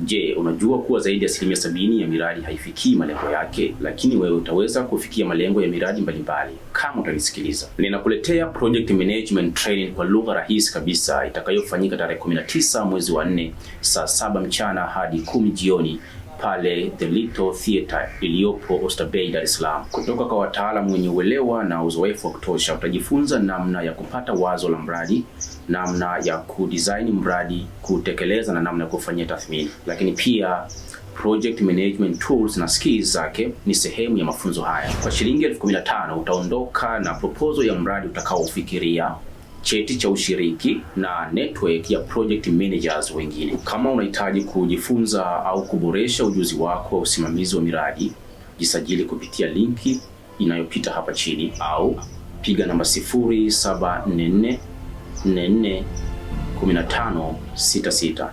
Je, unajua kuwa zaidi ya asilimia sabini ya miradi haifikii malengo yake, lakini wewe utaweza kufikia malengo ya miradi mbalimbali kama utanisikiliza. Ninakuletea project management training kwa lugha rahisi kabisa itakayofanyika tarehe 19 mwezi wa 4 saa saba mchana hadi kumi jioni pale The Little Theatre iliyopo Bay, Dar es Salaam. Kutoka kwa wataalamu wenye uelewa na uzoefu wa kutosha, utajifunza namna ya kupata wazo la mradi, namna ya kudesign mradi, kutekeleza na namna ya kufanyia tathmini. Lakini pia project management tools na skills zake ni sehemu ya mafunzo haya. Kwa shilingi elfu kumi na tano utaondoka na proposal ya mradi utakaofikiria cheti cha ushiriki na network ya project managers wengine. Kama unahitaji kujifunza au kuboresha ujuzi wako wa usimamizi wa miradi, jisajili kupitia linki inayopita hapa chini au piga namba 66.